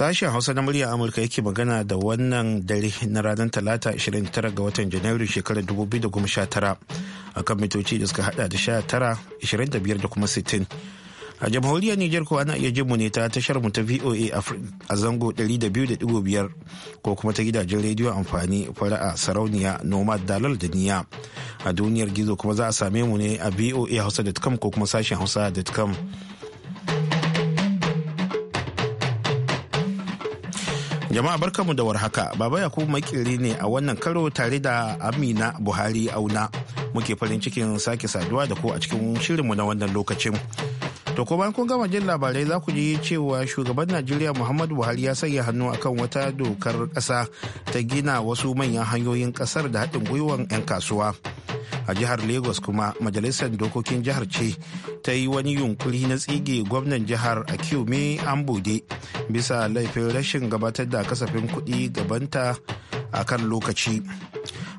Sashen Hausa na murya Amurka yake magana da wannan dare na ranar Talata 29 ga watan Janairu shekarar 2019 akan mitoci da suka hada da 19, 25 da kuma 60. A jamhuriyar Nijar ko ana iya jin mu ne ta tashar mu ta VOA a zango 200.5 ko kuma ta gidajen rediyo amfani fara'a sarauniya nomad dalal da niya. A duniyar gizo kuma za a same mu ne a voa hausa.com ko kuma sashen hausa.com. Jama'a barkamu da warhaka, Baba Yakubu makiri ne a wannan karo tare da Amina Buhari Auna. Muke farin cikin sake saduwa da ku a cikin shirinmu na wannan lokacin. To ko bayan kun gama jin labarai za ku ji cewa shugaban Najeriya Muhammadu Buhari ya sanya hannu akan wata dokar ƙasa ta gina wasu manyan hanyoyin ƙasar da haɗin gwiwar 'yan kasuwa. a jihar lagos kuma majalisar dokokin jihar ce ta yi wani yunkuri na tsige gwamnan jihar a kyume an bude bisa laifin rashin gabatar da kasafin kuɗi gabanta a kan lokaci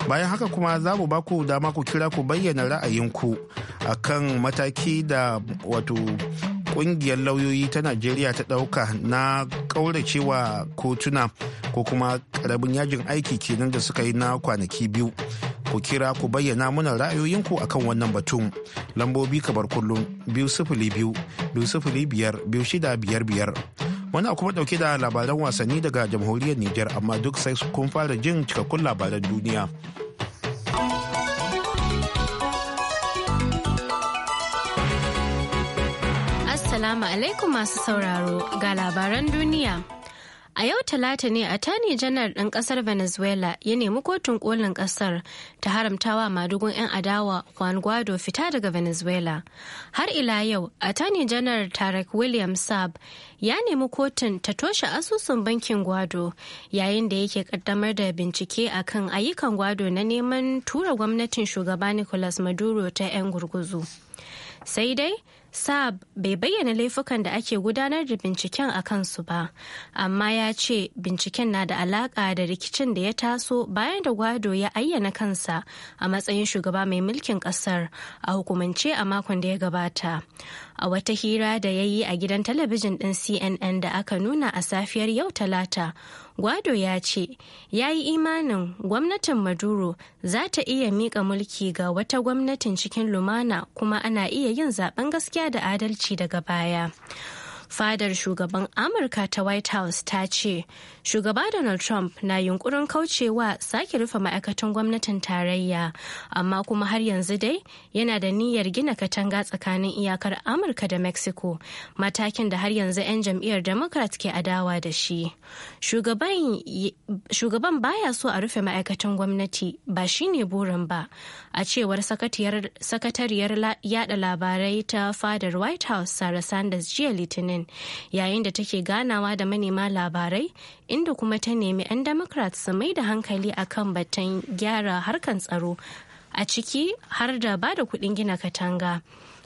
bayan haka kuma za mu baku dama ku kira ku bayyana ra'ayinku a kan mataki da wato kungiyar lauyoyi ta najeriya ta dauka na kauracewa kotuna ko kuma karamin yajin aiki kenan da suka yi na kwanaki biyu ku kira ku bayyana muna ra'ayoyinku kan wannan batun lambobi kabar kullum biyu sifili biyu biyu sifili biyar biyu shida biyar biyar muna kuma dauke da labaran wasanni daga jamhuriyar niger amma duk sai kun fara jin cikakkun labaran duniya Assalamu alaikum masu sauraro ga labaran duniya. A yau talata ne a tani janar ɗan ƙasar Venezuela ya nemi kotun kolin ƙasar ta haramtawa madugun 'yan adawa Juan Guaido fita daga Venezuela. Har ila yau, a tani janar Tarek William Saab ya nemi kotun ta toshe asusun bankin Guaido yayin da yake ƙaddamar da bincike akan ayyukan Guaido na neman tura gwamnatin shugaba Nicolas Maduro ta 'yan gurguzu. sai dai Saab bai bayyana laifukan da ake gudanar da binciken a kansu ba, amma ya ce binciken na da alaƙa da rikicin da ya taso bayan da Gwado ya ayyana kansa a matsayin shugaba mai mulkin ƙasar a hukumance a makon da ya gabata. A wata hira da ya yi a gidan talabijin ɗin CNN da aka nuna a safiyar yau Talata, Guado ya ce ya yi imanin gwamnatin Maduro za ta iya miƙa mulki ga wata gwamnatin cikin lumana kuma ana iya yin zaben gaskiya da adalci daga baya. fadar shugaban amurka ta white house ta ce shugaba donald trump na yunkurin kaucewa sake rufe ma'aikatan gwamnatin tarayya amma kuma har yanzu dai yana da niyyar gina katanga tsakanin iyakar amurka da mexico matakin da har yanzu 'yan jam'iyyar democrat ke adawa da shi shugaban baya so a rufe ma'aikatan gwamnati ba shine burin ba a cewar sakatariyar yada labarai ta fadar white house sarah sanders jiya litinin yayin da take ganawa da manema labarai inda kuma ta nemi 'yan Democrat su mai da hankali akan batun gyara harkan tsaro a ciki har da ba da kuɗin gina katanga.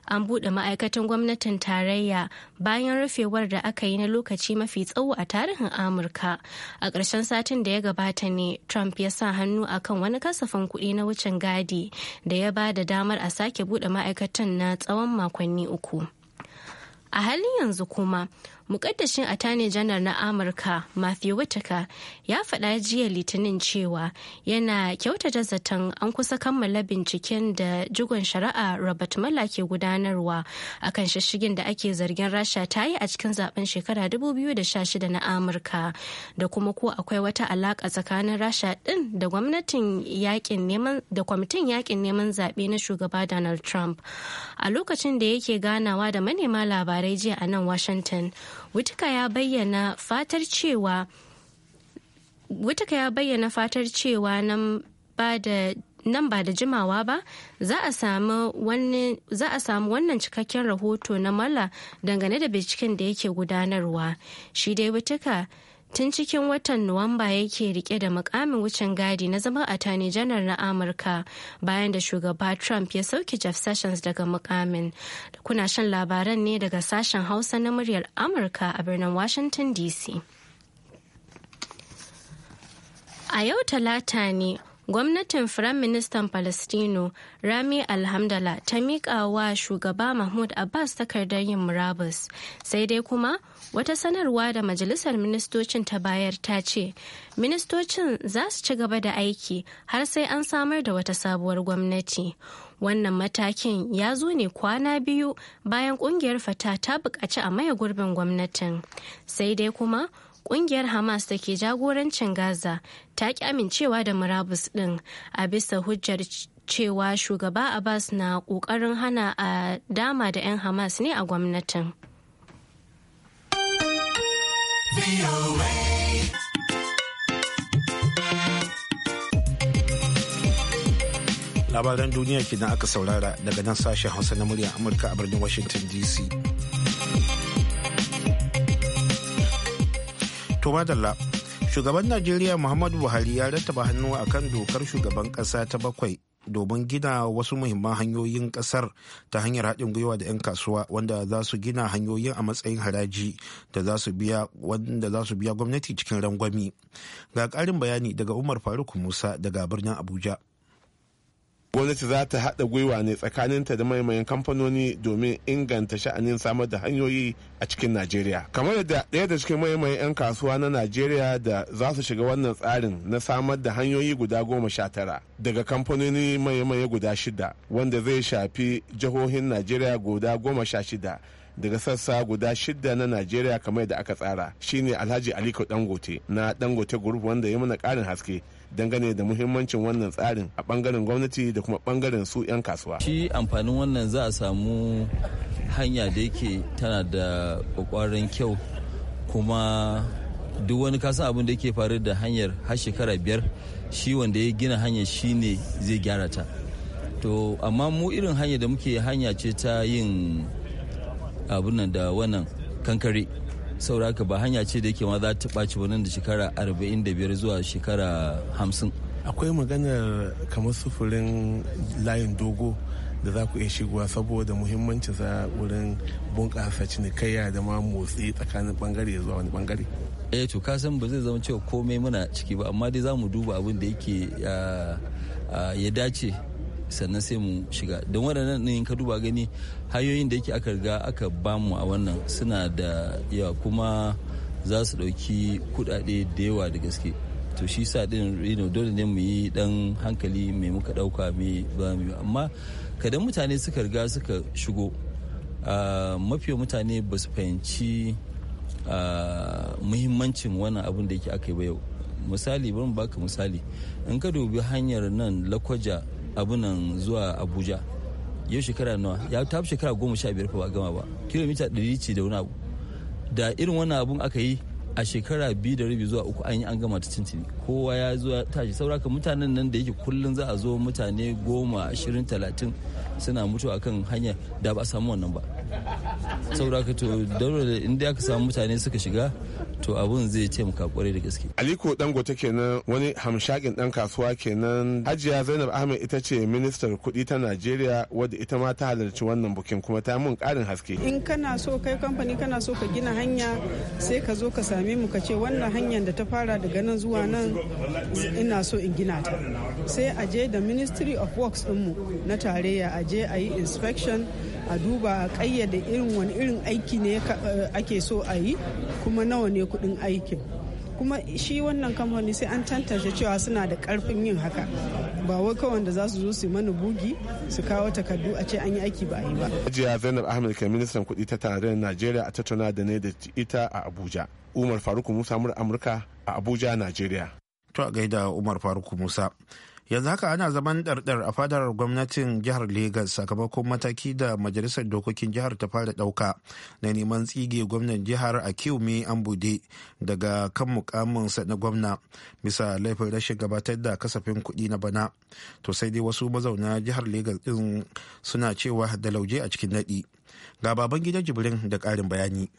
An buɗe ma'aikatan gwamnatin tarayya bayan rufewar da aka yi na lokaci mafi tsawo a tarihin Amurka. A ƙarshen satin da ya gabata ne, Trump ya sa hannu a kan wani kasafin kuɗi na wucin gadi da ya ba da damar a sake buɗe ma'aikatan na tsawon makonni uku. a halin yanzu kuma mukaddashin attorney janar na amurka matthew whitaker ya faɗa jiya litinin cewa yana kyautata zaton an kusa kammala binciken da jigon shari'a robert mala ke gudanarwa a kan shishigin da ake zargin rasha ta yi a cikin zaben shekara 2016 na amurka da kuma ko akwai wata alaƙa tsakanin rasha din da gwamnatin yakin neman da kwamitin yakin neman zaɓe na shugaba donald trump a lokacin da yake ganawa da manema labarai labarai jiya a nan washington wutuka ya bayyana fatar cewa wutuka ya bayyana fatar cewa nan ba da nan ba da jimawa ba za a samu wannan cikakken rahoto na mala dangane da binciken da yake gudanarwa shi dai wutuka tun cikin watan nuwamba yake rike da mukamin wucin gadi na zama tani janar na amurka bayan da shugaba trump ya sauke jeff sessions daga mukamin kuna shan labaran ne daga sashen hausa na muryar amurka a birnin washington dc a yau talata ne gwamnatin firaministan palestino rami alhamdala ta miƙa wa shugaba mahmud abbas takardar yin murabus sai dai kuma wata sanarwa da majalisar ministocin ta bayar ta ce ministocin za su ci gaba da aiki har sai an samar da wata sabuwar gwamnati wannan matakin ya zo ne kwana biyu bayan ƙungiyar fata ta buƙaci a maye gurbin gwamnatin sai dai kuma kungiyar hamas da ke jagorancin gaza ta ki amincewa da murabus din a bisa hujjar cewa shugaba abbas na kokarin hana a dama da 'yan hamas ne a gwamnatin labaran duniya kenan aka saurara daga nan sashen hausa na muryar amurka a birnin washington dc To madalla. Shugaban Najeriya Muhammadu Buhari ya rattaba hannu kan dokar shugaban ƙasa ta bakwai domin gina wasu muhimman hanyoyin kasar ta hanyar haɗin gwiwa da 'yan kasuwa wanda za su gina hanyoyin a matsayin haraji da za su biya wanda za su biya gwamnati cikin rangwami ga ƙarin bayani daga umar faruk musa daga birnin abuja gwamnati za ta haɗa gwiwa ne tsakanin ta da maimayin kamfanoni domin inganta sha'anin samar da hanyoyi a cikin najeriya kamar yadda ɗaya da cikin maimayin 'yan kasuwa na najeriya da za su shiga wannan tsarin na samar da hanyoyi guda goma sha tara daga kamfanoni maimaye guda shida wanda zai shafi jihohin najeriya guda goma sha shida daga sassa guda shida na najeriya kamar da aka tsara shine alhaji aliko dangote na dangote group wanda ya mana karin haske dangane da muhimmancin wannan tsarin a bangaren gwamnati da kuma bangaren su 'yan kasuwa shi amfanin wannan za a samu hanya da yake tana da kwakwaran kyau kuma duk wani kasan abin da yake faru da hanyar har shekara biyar shi wanda ya gina hanyar shine zai gyara ta to amma mu irin hanyar da muke hanya ce ta yin abun da wannan kankare sauraka ka ba hanya ce da yake ma za ta ɓaci wani da shekara 45 zuwa shekara 50 akwai maganar kamar sufurin layin dogo da za ku iya shigowa saboda za wurin bunƙasa cinikayya da ma motsi tsakanin bangare zuwa wani bangare eh to ka san ba zai zama cewa komai muna ciki ba amma dai za mu duba abin da yake ah, ah, ya dace sannan sai mu shiga don waɗannan ɗin ka duba gani hanyoyin da yake aka riga aka bamu a wannan suna da yawa kuma za su ɗauki kuɗaɗe da yawa da gaske to shi sa ɗin rino dole ne mu yi ɗan hankali mai muka ɗauka mai ba mu amma kadan mutane suka riga suka shigo ah, mafi mutane ba su fahimci ah, muhimmancin wannan abin da yake aka yi ba yau misali bari baka misali in ka dubi hanyar nan lakwaja abunan zuwa abuja yau shekara nawa ya tafi shekara goma sha biyar ba gama ba kilomita ɗari ce da wani abu da irin wannan abun aka yi a shekara biyu da rabi zuwa uku an yi an gama ta tuntuni kowa ya zuwa tashi sauraka mutanen nan da yake kullum za a zo mutane goma ashirin talatin suna mutuwa akan hanya da ba a samu wannan ba saboda haka to daura inda aka samu mutane suka shiga to abun zai muka kwarai da gaske aliko dangote kenan wani hamshakin dan kasuwa kenan hajiya zainab ahmed ita ce ministar kudi ta najeriya wadda ita ma ta halarci wannan bukin kuma ta mun karin haske in kana so kai kamfani kana so ka gina hanya sai ka zo ka same mu ka ce wannan hanyar da ta fara daga nan zuwa nan ina so in gina ta sai a je da ministry of works mu na tarayya a je a yi inspection a duba a kayyade irin wani irin aiki ne eh, ake so a yi kuma nawa ne kudin aikin kuma shi wannan kamfani sai an tantance cewa suna da karfin yin haka ba wai kawai da za su zo su mana bugi su kawo takardu a ce an yi aiki ba a yi ba. ajiya Zainab Ahmed ke ministan kuɗi ta tarayyar Najeriya a tattauna da ne da ita a Abuja. Umar Faruk Musa Amurka a Abuja, Najeriya. To a gaida Umar Faruk Musa. yanzu haka ana zaman ɗarɗar a fadar gwamnatin jihar Legas sakamakon mataki da majalisar dokokin jihar ta fara ɗauka na neman tsige gwamnan jihar a kiwumi an bude daga kan mukaminsa na gwamna bisa laifin rashin gabatar da kasafin kuɗi na bana to sai dai wasu mazauna jihar Legas ɗin suna cewa da lauje a cikin naɗi ga baban gidan jibrin da ƙarin bayani.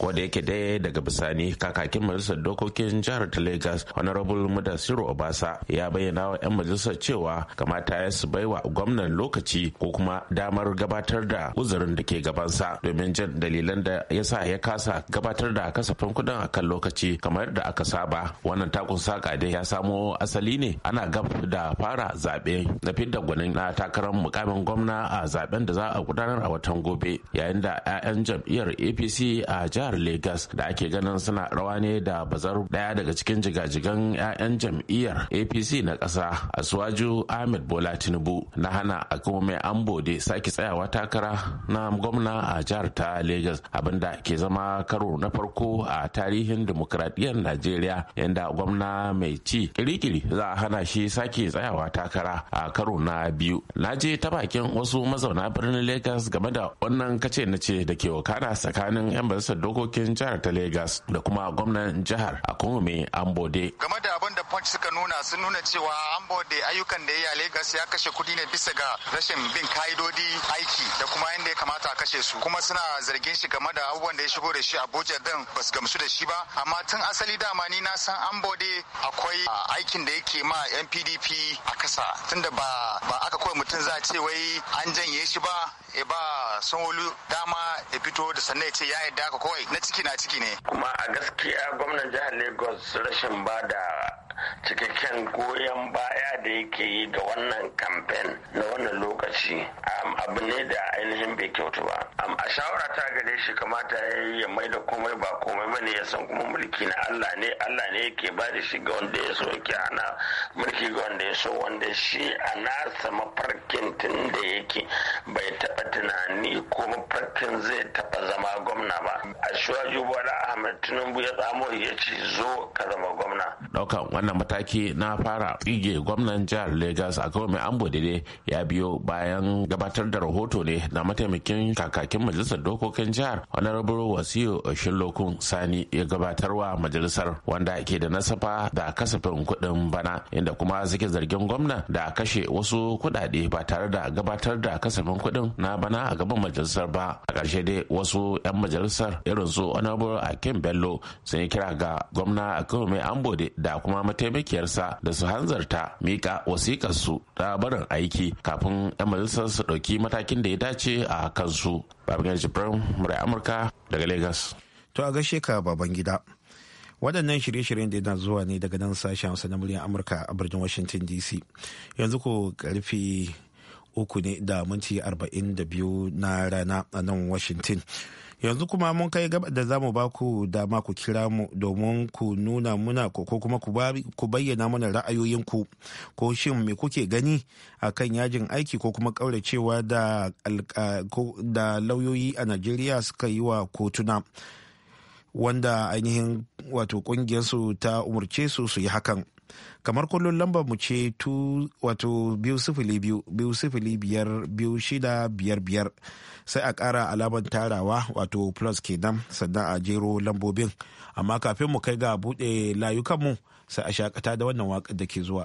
wanda yake dai daga bisani kakakin majalisar dokokin jihar ta lagos honorable mudasiru obasa ya bayyana wa 'yan majalisar cewa kamata ya su baiwa gwamnan lokaci ko kuma damar gabatar da uzurin da ke gabansa domin jin dalilan da ya sa ya kasa gabatar da kasafin kuɗin a kan lokaci kamar da aka saba wannan takun saka dai ya samo asali ne ana gab da fara zaɓe na fidda gwanin na takarar mukamin gwamna a zaben da za a gudanar a watan gobe yayin da 'ya'yan jam'iyyar apc a jihar jihar Legas da ake ganin suna rawa ne da bazar daya daga cikin jigajigan 'ya'yan jam'iyyar APC na ƙasa a Suwaju Ahmed Bola Tinubu na hana a kuma mai ambode sake tsayawa takara na gwamna a jihar ta Legas abinda ke zama karo na farko a tarihin demokradiyyar Najeriya yanda gwamna mai ci kirikiri za a hana shi sake tsayawa takara a karo na biyu. Na je ta bakin wasu mazauna birnin Legas game da wannan kace na ce da ke wakana tsakanin 'yan bazar dokokin jihar ta Legas da kuma gwamnan jihar a Akume Ambode. Game da abin da Punch suka nuna sun nuna cewa Ambode ayyukan da ya yi a Legas ya kashe kudi ne bisa ga rashin bin ka'idodi aiki da kuma yadda ya kamata a kashe su kuma suna zargin shi game da abubuwan da ya shigo da shi Abuja din ba su gamsu da shi ba amma tun asali dama ni na san Ambode akwai aikin da yake ma NPDP a kasa tunda ba ba aka kawai mutum za a ce wai an janye shi ba e ba sanwolu dama ya fito da sannan ya ce ya yadda ka kawai kawai na ciki na ciki ne kuma a gaskiya gwamnan jihar lagos rashin ba da cikakken goyon baya da yake yi ga wannan kamfen na wannan lokaci a abu ne da ainihin bai kyautu ba a shawara ta gare shi kamata ya yi ya mai da komai ba komai bane ya san kuma mulki na Allah ne Allah ne yake ba da shi ga wanda ya so yake ana mulki ga wanda ya so wanda shi a nasa mafarkin tun da yake bai taɓa tunani ko mafarkin zai taɓa zama gwamna ba a shuwaju bola ahmed tinubu ya tsamo ya ce zo ka zama gwamna ɗaukan wannan mataki na fara tsige gwamnan jihar legas a kawai mai ambo ya biyo bayan gabatar da rahoto ne na mataimakin kakakin majalisar dokokin jihar honorable wasiyo shillokun sani ya gabatarwa majalisar wanda ke da nasafa da kasafin kuɗin bana inda kuma suke zargin gwamna da kashe wasu kuɗaɗe ba tare da gabatar da kasafin kuɗin na bana a gaban majalisar ba a ƙarshe dai wasu 'yan majalisar irin su honorable akin bello sun yi kira ga gwamna a kan mai ambode da kuma mataimakiyarsa da su hanzarta mika wasikarsu da barin aiki kafin 'yan majalisar su ɗauki matakin da ya dace a kansu babban jibrin murai amurka daga lagos to a gaishe ka baban gida waɗannan shirye-shiryen da yana zuwa ne daga nan sashen hausa na muryar amurka a birnin washington dc yanzu ko karfe uku ne da minti 42 na rana a nan washington yanzu kuma mun kai gaba da zamu mu ba ku dama ku kira mu domin ku nuna muna ko kuma ku bayyana mana ra'ayoyinku ko shin me kuke gani a kan yajin aiki ko kuma kauracewa da lauyoyi a najeriya suka yi wa kotuna wanda ainihin wato kungiyarsu ta umarce su su yi hakan kamar kullum lambar mu ce wato biyu sifili biyu biyu sifili biyar biyu shida biyar biyar sai a ƙara alamar tarawa wato plus kenan sannan a jero lambobin amma kafin mu kai ga buɗe layukanmu sai a shakata da wannan waƙar da ke zuwa.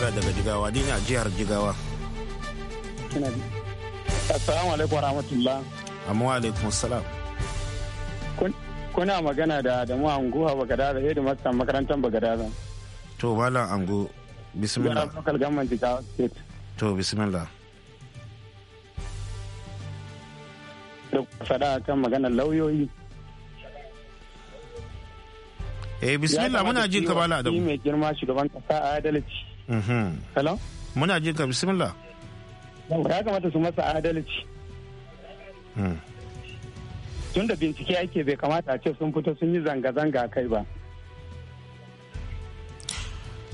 kira daga Jigawa ni a jihar Jigawa. Assalamu alaikum wa rahmatullah. Amma wa alaikum salam. Kuna magana da Adamu Angu a Bagadaza, yadda masu makarantar Bagadaza. To, Malam Angu, bismillah. Yara local government Jigawa state. To, bismillah. Da fada kan maganar lauyoyi. Eh, bismillah muna jin kabala da mu. mai girma shugaban kasa adalci. Mhm. Hello? Muna ji ka bismillah. Ya kamata su masa adalci. Hmm. Tun da bincike ake bai kamata a ce sun fito sun yi zanga-zanga kai ba.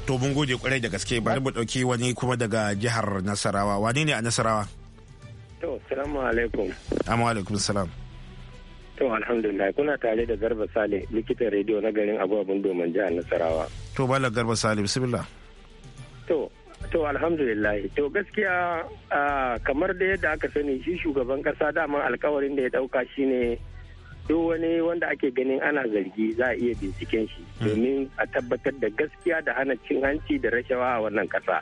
To mun gode kwarai da gaske bari mu dauki wani kuma daga jihar Nasarawa. Wani ne a Nasarawa? To, salamu alaikum. Amma alaikum salam. To, alhamdulillah kuna tare da Garba Sale likitan rediyo na garin abubuwan domin jihar Nasarawa. To, bala Garba Sale, bismillah. To alhamdulillah to gaskiya kamar da yadda aka sani shi shugaban kasa dama alkawarin da ya dauka shine duk wani wanda ake ganin ana zargi za a iya binciken shi hmm. domin a tabbatar da gaskiya da hana cin hanci da rashawa a wannan kasa.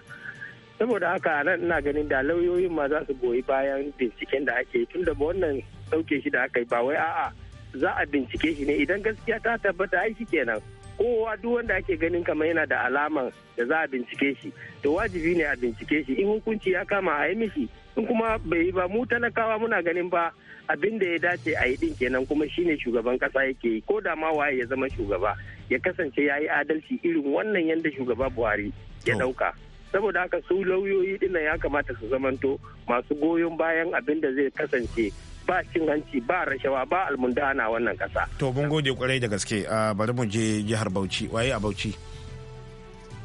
Saboda haka nan ina ganin da lauyoyin ma za su goyi bayan binciken da ake yi tunda ba wannan dauke shi da aka yi ba wai a'a za a bincike shi ne idan gaskiya ta tabbata ai shi kenan. kowa duk wanda ake ganin kamar yana da alama da za a bincike shi to wajibi ne a bincike shi in hukunci ya kama a yi mishi in kuma bai yi ba mu talakawa muna ganin ba abin da ya dace a yi din kenan kuma shine shugaban kasa yake yi ko da ma waye ya zama shugaba ya kasance ya yi adalci irin wannan yadda shugaba buhari ya dauka saboda haka su lauyoyi dinnan ya kamata su zamanto masu goyon bayan abin da zai kasance ba cin hanci ba rashawa ba almundana wannan kasa to mun gode kwarai da gaske bari mu je jihar Bauchi waye a Bauchi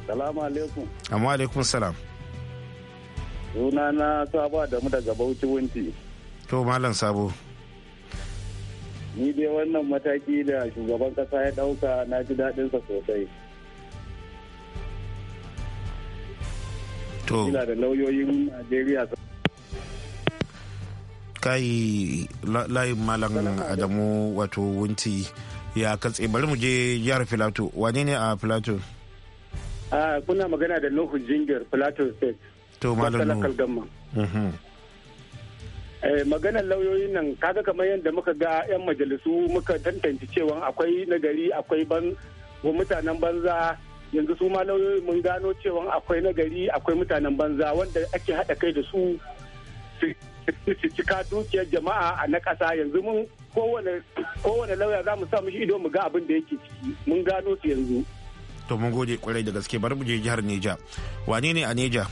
salamu alaikum amma alaikum salam suna na saba da mu daga Bauchi wunti to malam sabo ni dai wannan mataki da shugaban kasa ya dauka na ji daɗinsa sosai to da lauyoyin Najeriya kai layin malam adamu wato wunti ya katse bari mu je jihar filato wane ne a filato a kuna magana da nuhu jingir filato state to malam nuhu mhm. eh, maganar lauyoyin nan kaga kamar yadda muka ga 'yan majalisu muka tantance cewa akwai nagari akwai ban mutanen banza yanzu su ma lauyoyin mun gano cewa akwai nagari akwai mutanen banza wanda ake haɗa kai da su cika dukiyar jama'a a na ƙasa yanzu mun kowane lauya za mu sa mishi ido mu ga abin da yake ciki mun gano su yanzu. To mun gode kwarai da gaske bari mu je jihar Neja. Wane ne a Neja?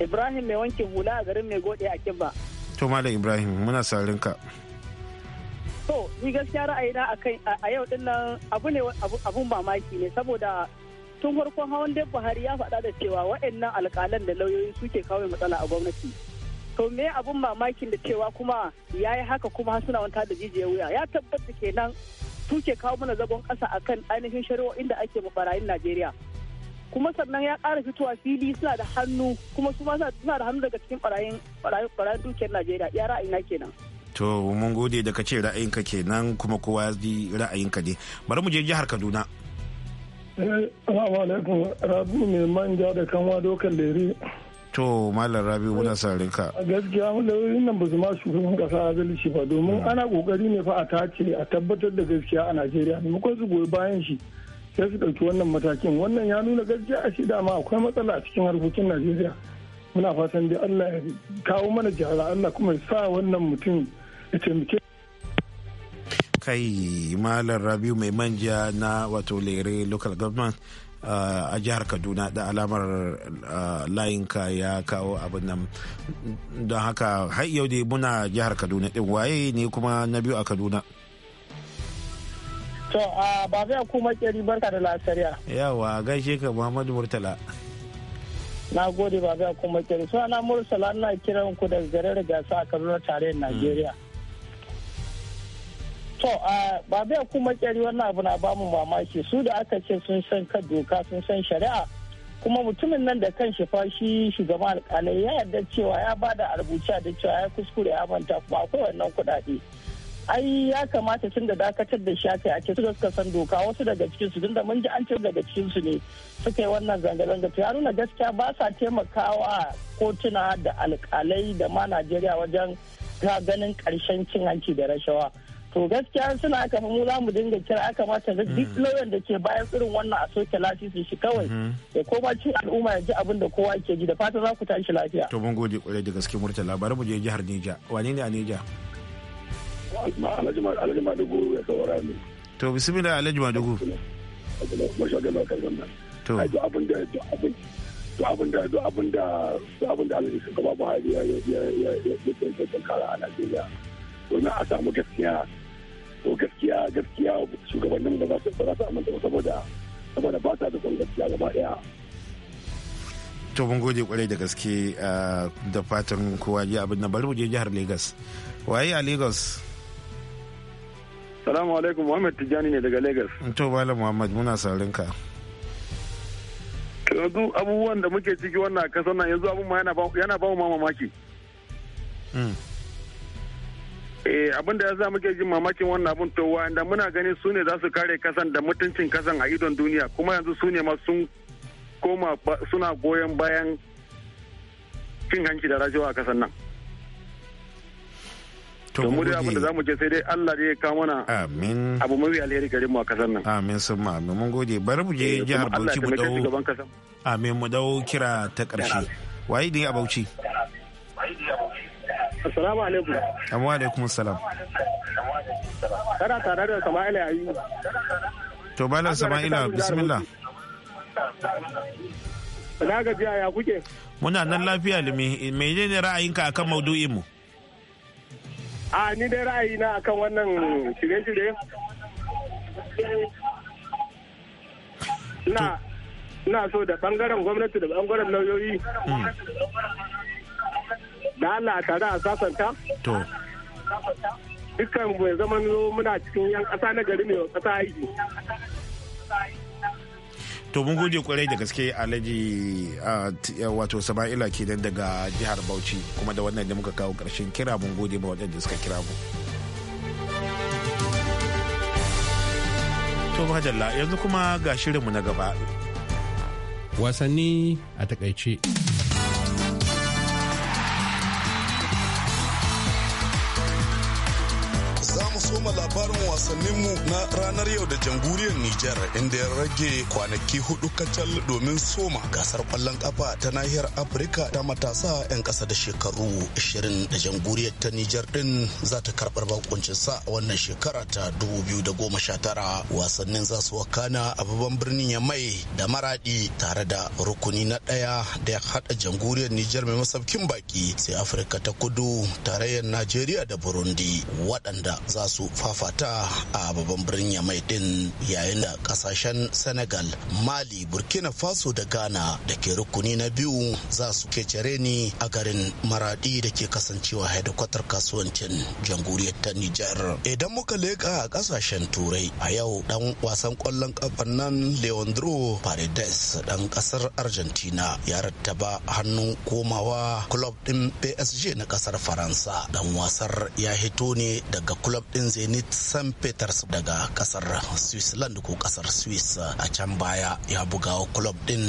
Ibrahim mai wanke hula a garin mai gode a Kibba To Malam Ibrahim muna sarin ka. To ni gaskiya na akan a yau din nan abu ne abun mamaki ne saboda tun farkon hawan dai Buhari ya faɗa da cewa waɗannan alƙalan da lauyoyi suke kawo matsala a gwamnati. to me abun mamakin da cewa kuma ya yi haka kuma suna wanta da jijiyar wuya ya tabbata kenan su ke kawo mana zagon ƙasa akan ainihin shari'o inda ake barayin najeriya kuma sannan ya ƙara fitowa fili suna da hannu kuma su suna da hannu daga cikin barayin barayin dukiyar najeriya ya ra'ayina kenan to mun gode da ka ce ra'ayinka kenan kuma kowa ya ji ra'ayinka ne bari mu je jihar kaduna Assalamu eh, alaikum rabu mai manja da kanwa dokan lere to malam rabi muna sa rinka gaskiya lauyoyin nan ba su ma shugaban kasa shi ba domin hmm. ana kokari ne fa a tace a tabbatar da gaskiya a najeriya maimakon su goyi bayan shi sai su ɗauki wannan matakin wannan ya nuna gaskiya a shi dama akwai matsala a cikin harkokin najeriya muna fatan dai allah ya kawo mana jihar allah kuma ya sa wannan mutum ya taimake kai malam Rabi mai manja na wato lere local government a jihar kaduna da alamar layinka ya kawo abin nan don haka har yau dai muna jihar kaduna din waye ne kuma na biyu a kaduna to a ba zai kuma keri barka da lasariya yawa gaishe ka muhammadu murtala na gode ba zai kuma keri suna na murtala na kiran ku da zarar gasa a kaduna tarayyar najeriya To, ba bai kuma kyari wannan abu na bamu mamaki su da aka ce sun san kan doka sun san shari'a kuma mutumin nan da kan shi fashi shugaban alkalai ya yarda cewa ya ba da arbuca da cewa ya kuskure ya manta kuma akwai wannan kuɗaɗe. Ai ya kamata tun da dakatar da shafi a ce su da suka san doka wasu daga cikinsu tun da mun ji an ce daga cikinsu ne suka yi wannan zanga-zanga ya nuna gaskiya ba sa taimakawa kotuna da alkalai da ma Najeriya wajen ta ganin karshen cin hanci da rashawa. to gaskiya suna aka mu za mu dinga kira aka mata da duk lauyan da ke bayan irin wannan a soke lasisi shi kawai da koma cin al'umma ya ji abin da kowa ke ji da fata za ku tashi lafiya to mun gode kwarai da gaske murtala bari mu je jihar Neja wane ne a Neja Alhaji Madugu ya to bismillah Alhaji Madugu to abin da abin to abin da abin da Alhaji to gaskiya gaskiya shugabannin da za su ba su amince saboda saboda ba ta da son gaskiya gaba daya to mun gode kwarai da gaske eh, da fatan kowa ji abin na bari mu je jihar Lagos waye a Lagos Salamu alaikum Muhammad Tijjani ne daga Lagos to malam Muhammad muna saurin ka yanzu abubuwan da muke ciki wannan kasar nan yanzu abun ma yana ba mu mamaki hmm. eh abin da ya sa muke jin mamakin wannan abin to wanda muna ganin su ne za su kare kasan da mutuncin kasan a idon duniya kuma yanzu su ne masu koma suna goyon bayan cin hanci da rajewa a kasan nan to mu da abin da mu je sai dai Allah ya kawo mana amin abu mai alheri garin mu a kasar nan amin sun ma amin mun gode bari mu je eh, jihar Bauchi mu dawo amin mu dawo kira ta karshe waye ne a Bauchi waye ne a Assalamu alaikum. Amma alaikum salam. Kana tare da Sama'ila Ayuba. To Malam Sama'ila bismillah. Na gajiya ya kuke? Muna nan lafiya limi. ne ra'ayinka akan maudu'in mu? A ni dai ra'ayi na akan wannan shirye-shirye. Na so da bangaren gwamnati da bangaren lauyoyi. Hmm. da Allah a tare a sasanta to dukkan mai zaman muna cikin yan ƙasa na gari ne ƙasa aiki to mun gode kwarai da gaske alhaji wato sama'ila kenan daga jihar bauchi kuma da wannan da muka kawo karshen kira mun gode ma waɗanda suka kira mu to madalla yanzu kuma ga shirinmu na gaba wasanni a takaice labarin wasanninmu na ranar yau da jamhuriyar Nijar inda ya rage kwanaki hudu kacal domin soma gasar kwallon kafa ta nahiyar Afirka ta matasa 'yan kasa da shekaru 20 da jamhuriyar ta Nijar din za ta karbar bakuncin sa wannan shekara ta 2019 wasannin za su wakana a babban birnin ya mai da Maradi tare da rukuni na daya da ya hada jamhuriyar Nijar mai masaukin baki sai Afirka ta Kudu tarayyar Najeriya da Burundi waɗanda za su fafa Fata a babban birnin yamai din yayin da kasashen senegal mali burkina faso da ghana da ke rukuni na biyu za su ke cere ni a garin maradi da ke kasancewa hedikwatar kasuwancin jamhuriyar ta nijar idan muka leka a kasashen turai a yau dan wasan kwallon kafan nan leandro paredes dan kasar argentina ya rattaba hannun komawa club din psg na kasar faransa dan wasar ya hito ne daga club din zenit st peters daga kasar switzerland ko kasar swiss a can baya ya buga wa club din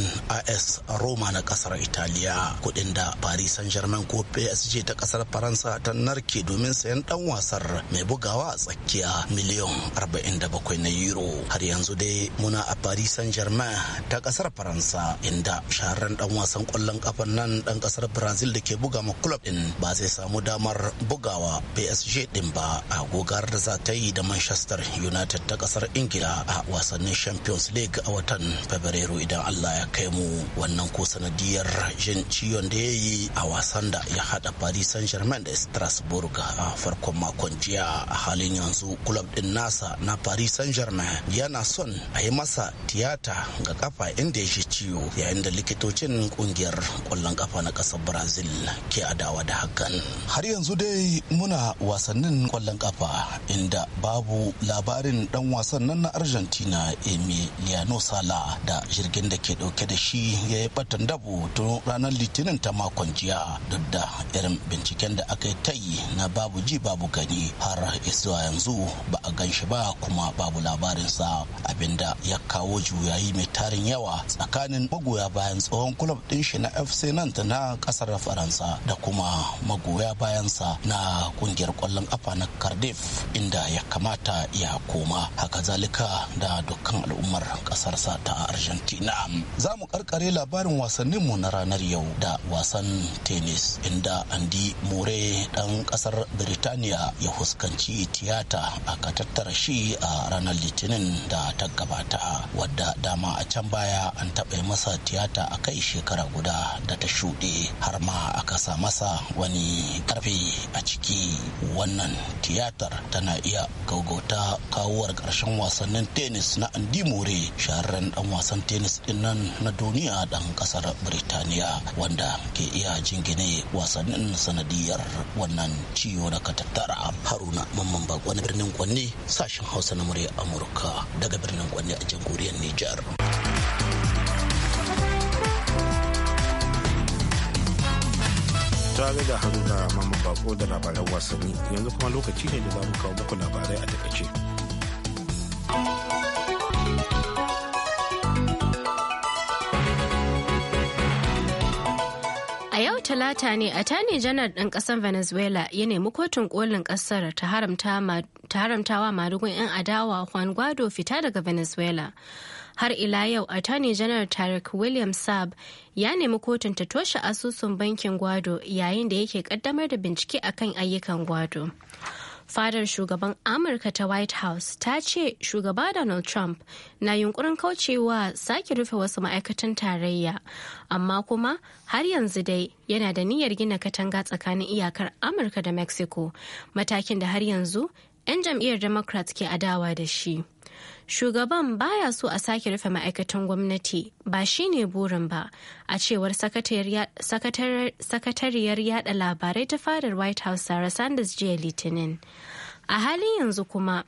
as roma na kasar italiya kudin da paris saint germain ko psg ta kasar faransa ta narke domin sayan dan wasar mai bugawa a tsakiya miliyan 47 na euro har yanzu dai muna a paris saint germain ta kasar faransa inda shaharren dan wasan kwallon kafan nan dan kasar brazil da ke buga ma club din ba zai samu damar bugawa psg din ba a gogar da za ta ta yi da manchester united ta kasar ingila a wasannin champions league a watan fabrairu idan allah ya kai mu wannan ko sanadiyar jin ciwon da ya yi a wasan da ya hada paris saint germain da strasbourg a farkon makon jiya a halin yanzu club din nasa na paris saint germain yana son a yi masa tiyata ga kafa inda ya shi ciwo yayin da likitocin kungiyar kwallon kafa na kasar brazil ke adawa da hakan har yanzu dai muna wasannin kwallon kafa inda babu labarin dan wasan nan na argentina emiliano sala da jirgin da ke dauke da shi ya yi batan dabo tun ranar litinin ta makon jiya duk da irin binciken da aka yi ta yi na babu ji babu gani har zuwa yanzu ba a gan shi ba kuma babu labarinsa abinda ya kawo juyayi mai tarin yawa tsakanin magoya bayan tsohon kulob din shi na fc nanta na kasar faransa da kuma magoya bayansa na kungiyar kwallon kafa na cardiff inda ya kamata ya koma haka zalika da dukkan al'ummar ƙasarsa ta argentina za mu karkare labarin wasanninmu na ranar yau da wasan tennis inda andi more dan ƙasar birtaniya ya fuskanci tiyata aka tattara shi a ranar litinin da ta gabata wadda dama a can baya an taɓa masa tiyata a kai shekara guda da ta shuɗe har ma aka sa masa wani karfe a ciki wannan tiyatar tana iya da gaugauta kawuwar ƙarshen wasannin tenis na Andy Murray shahararren dan wasan tenis dinnan na duniya dan kasar Birtaniya wanda ke iya jingine wasannin sanadiyar wannan ciwo da ka tattara Haruna Mamman Bako na birnin Kwanne sashen Hausa na murya Amurka daga birnin Kwanne a jamhuriyar Niger. tare da haruna mamu bako da labaran wasanni yanzu kuma lokaci ne da za mu kawo muku labarai a takaice. a yau talata ne a tani janar ɗan ƙasar venezuela ya nemi kotun kolin ƙasar ta haramtawa madugun 'yan adawa juan guaido fita daga venezuela har ila yau attorney general tarik william saab ya nemi kotun ta toshe asusun bankin gwado yayin da yake kaddamar da bincike akan ayyukan gwado fadar shugaban amurka ta white house ta ce shugaba donald trump na yunkurin kaucewa sake rufe wasu ma'aikatan tarayya amma kuma har yanzu dai yana da niyyar gina katanga tsakanin iyakar amurka da mexico matakin da har yanzu 'yan jam'iyyar Democrats ke adawa da shi shugaban baya so a sake rufe ma'aikatan gwamnati ba shi ne burin ba a cewar sakatariyar yada labarai ta fadar white house sarah sanders jiya litinin a halin yanzu kuma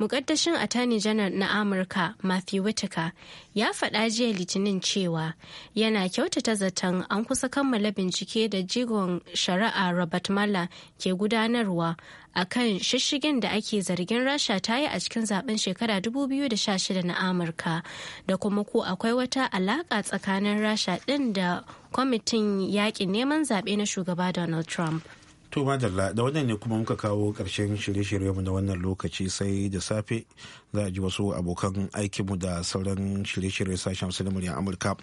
mukaddashin attorney general na amurka matthew whitaker ya faɗa jiya litinin cewa yana kyautata zaton an kusa kammala bincike da jigon shari'a robert mala ke gudanarwa a kan shishigin da ake zargin rasha ta yi a cikin zaben shekara 2016 na amurka da kuma ko akwai wata alaƙa tsakanin rasha ɗin da kwamitin yaƙin neman zaɓe na shugaba donald trump To madalla da wannan ne kuma muka kawo ƙarshen shirye-shiryenmu na wannan lokaci sai da safe za a ji wasu abokan aikinmu da sauran shirye-shirye sashen su muryar Amurka.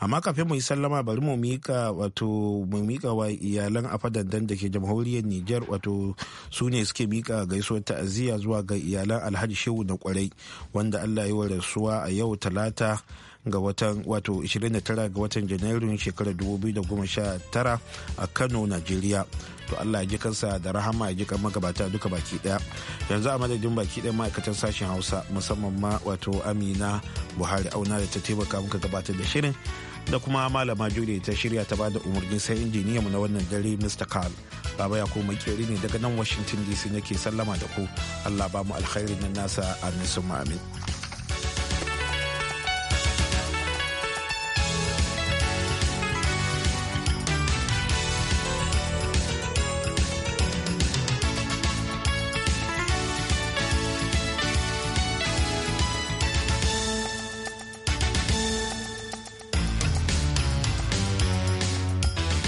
Amma kafin mu yi sallama bari mu mika wato mu mika wa iyalan afadandan da ke jamhuriyar Nijar wato su ne suke mika gaisuwar ta'aziyya zuwa ga iyalan Alhaji Shehu na kwarai wanda Allah ya wa rasuwa a yau Talata ga watan wato 29 ga watan janairun shekarar 2019 a kano nigeria to allah ya ji kansa da rahama ya ji kan magabata duka baki daya yanzu a madadin baki daya ma'aikatan sashen hausa musamman ma wato amina buhari auna da ta taimaka muka gabatar da shirin da kuma malama jodi ta shirya ta bada umarni sai mu na wannan dare mr carl baba ya koma keri ne daga nan washington dc nake sallama da ku allah ba mu na nan nasa a suma amin